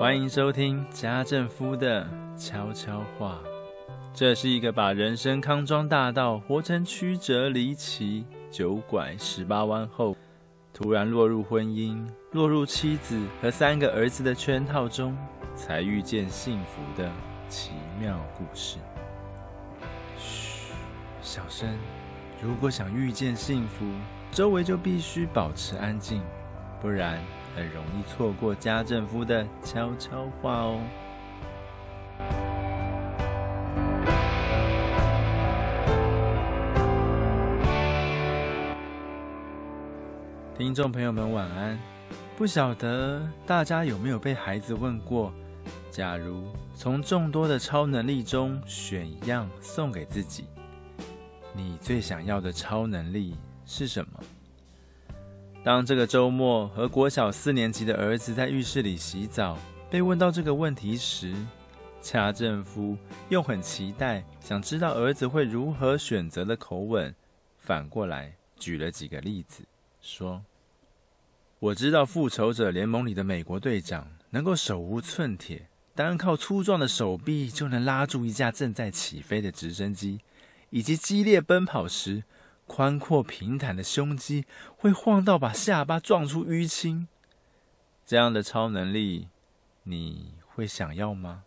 歡迎收聽家政夫的悄悄話。這是一個把人生康莊大道活成曲折離奇九拐十八彎後，突然落入婚姻、落入妻子和三個兒子的圈套中，才遇見幸福的奇妙故事。噓，小聲。如果想遇見幸福，周圍就必須保持安靜，不然。很容易錯過家政夫的悄悄話哦。聽眾朋友們，晚安！不曉得大家有沒有被孩子問過：假如從眾多的超能力中選一樣送給自己，你最想要的超能力是什麼？當這個週末和國小四年級的兒子在浴室裡洗澡，被問到這個問題時，恰政夫用很期待、想知道兒子會如何選擇的口吻，反過來舉了幾個例子，說：“我知道復仇者聯盟裡的美國隊長能夠手無寸鐵，單靠粗壯的手臂就能拉住一架正在起飛的直升機，以及激烈奔跑時。”寬闊平坦的胸肌會晃到把下巴撞出淤青，這樣的超能力你會想要嗎？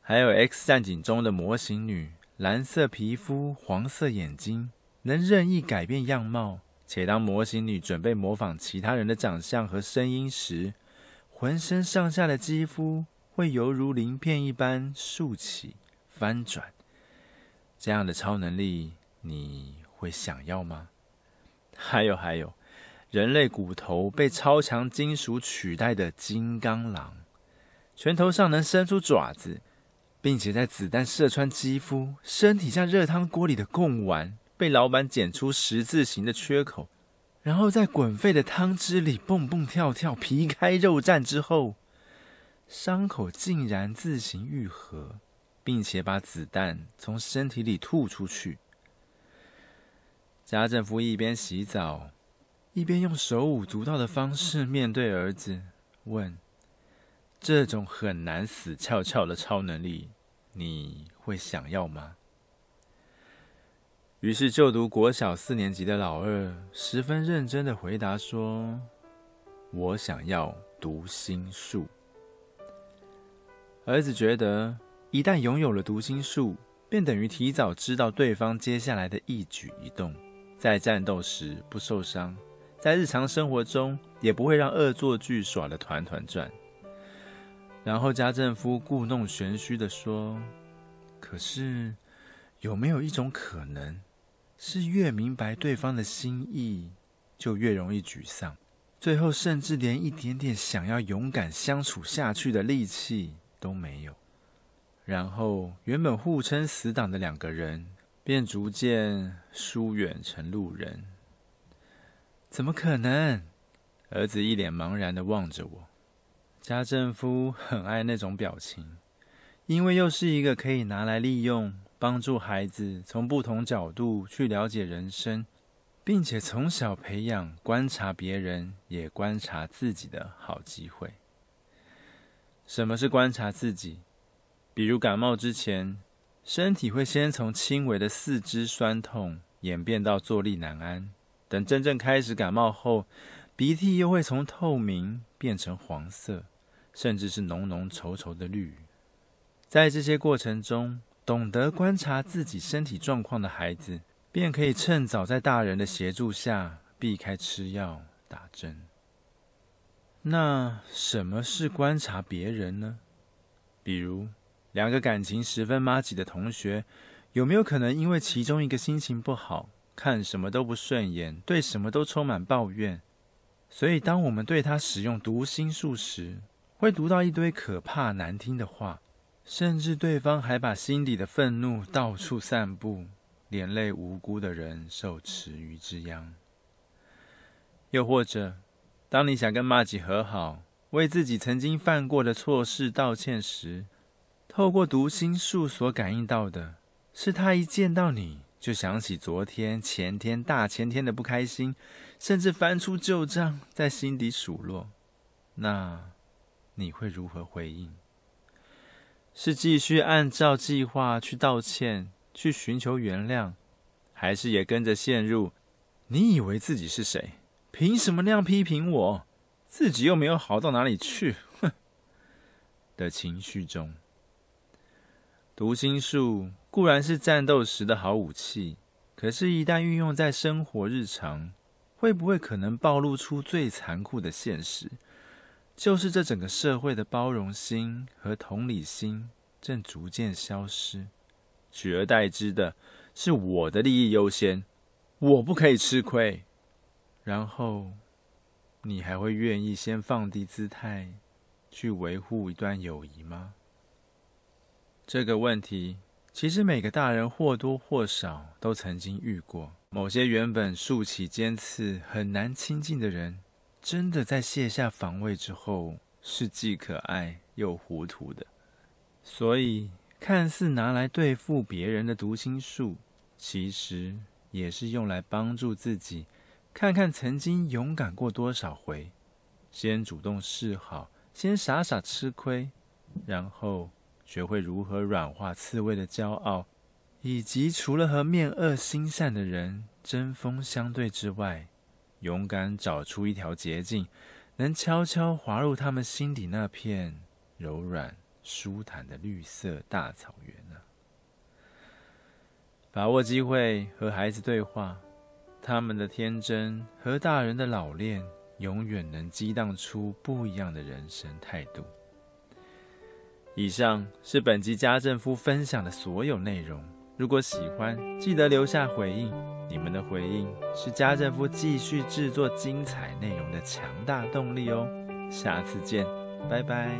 還有《X 戰警》中的魔形女，藍色皮膚、黃色眼睛，能任意改變樣貌，且當魔形女準備模仿其他人的長相和聲音時，渾身上下的肌膚會猶如鱗片一般豎起翻轉，這樣的超能力。你會想要嗎？還有還有，人類骨頭被超強金屬取代的金剛狼，拳頭上能伸出爪子，並且在子彈射穿肌膚，身體像熱湯鍋裡的貢丸，被老板剪出十字形的缺口，然後在滾沸的湯汁裡蹦蹦跳跳，皮開肉綻之後，傷口竟然自行愈合，並且把子彈從身體裡吐出去。家政夫一邊洗澡，一邊用手舞足蹈的方式面對兒子，問：“這種很難死翹翹的超能力，你會想要嗎？”於是，就讀國小四年級的老二十分認真的回答說：“我想要讀心術。”兒子覺得，一旦擁有了讀心術，便等於提早知道對方接下來的一舉一動。在戰鬥時不受傷，在日常生活中也不會讓惡作劇耍得團團轉。然後家政夫故弄玄虛地說：“可是有沒有一種可能，是越明白對方的心意，就越容易沮喪，最後甚至連一點點想要勇敢相處下去的力氣都沒有？”然後原本互稱死黨的兩個人，便逐漸疏遠成路人。怎麼可能？兒子一臉茫然的望着我。家政夫很愛那種表情，因為又是一個可以拿來利用，幫助孩子從不同角度去了解人生，並且從小培養觀察別人，也觀察自己的好機會。什麼是觀察自己？比如感冒之前，身體會先從輕微的四肢痠痛演變到坐立難安，等真正開始感冒後，鼻涕又會從透明變成黃色，甚至是濃濃稠稠的綠。在這些過程中，懂得觀察自己身體狀況的孩子，便可以趁早在大人的協助下避開吃藥打針。那什麼是觀察別人呢？比如，兩個感情十分麻吉的同學，有沒有可能因為其中一個心情不好，看什麼都不順眼，對什麼都充滿抱怨？所以，當我們對他使用讀心術時，會讀到一堆可怕難聽的話，甚至對方還把心底的憤怒到處散布，連累無辜的人受池魚之殃。又或者，當你想跟麻吉和好，為自己曾經犯過的錯事道歉時，透過讀心術所感應到的是，他一見到你就想起昨天、前天、大前天的不開心，甚至翻出舊賬，在心底數落。那你會如何回應？是繼續按照計劃去道歉、去尋求原諒，還是也跟着陷入“你以為自己是誰？憑什麼那樣批評我？自己又沒有好到哪裡去？”哼的情緒中？讀心術固然是戰鬥時的好武器，可是，一旦運用在生活日常，會不會可能暴露出最殘酷的現實？就是這整個社會的包容心和同理心正逐漸消失，取而代之的是我的利益優先，我不可以吃虧。然後，你還會願意先放低姿態去維護一段友誼嗎？這個問題，其實每個大人或多或少都曾經遇過。某些原本豎起尖刺、很難親近的人，真的在卸下防衛之後，是既可愛又糊塗的。所以，看似拿來對付別人的讀心術，其實也是用來幫助自己，看看曾經勇敢過多少回。先主動示好，先傻傻吃虧，然後，學會如何軟化刺蝟的驕傲，以及除了和面惡心善的人針鋒相對之外，勇敢找出一條捷徑，能悄悄滑入他們心底那片柔軟舒坦的綠色大草原呢、啊？把握機會和孩子對話，他們的天真和大人的老練，永遠能激盪出不一樣的人生態度。以上是本集家政夫分享的所有內容。如果喜歡，記得留下回應。你們的回應是家政夫繼續製作精彩內容的強大動力哦。下次見，拜拜。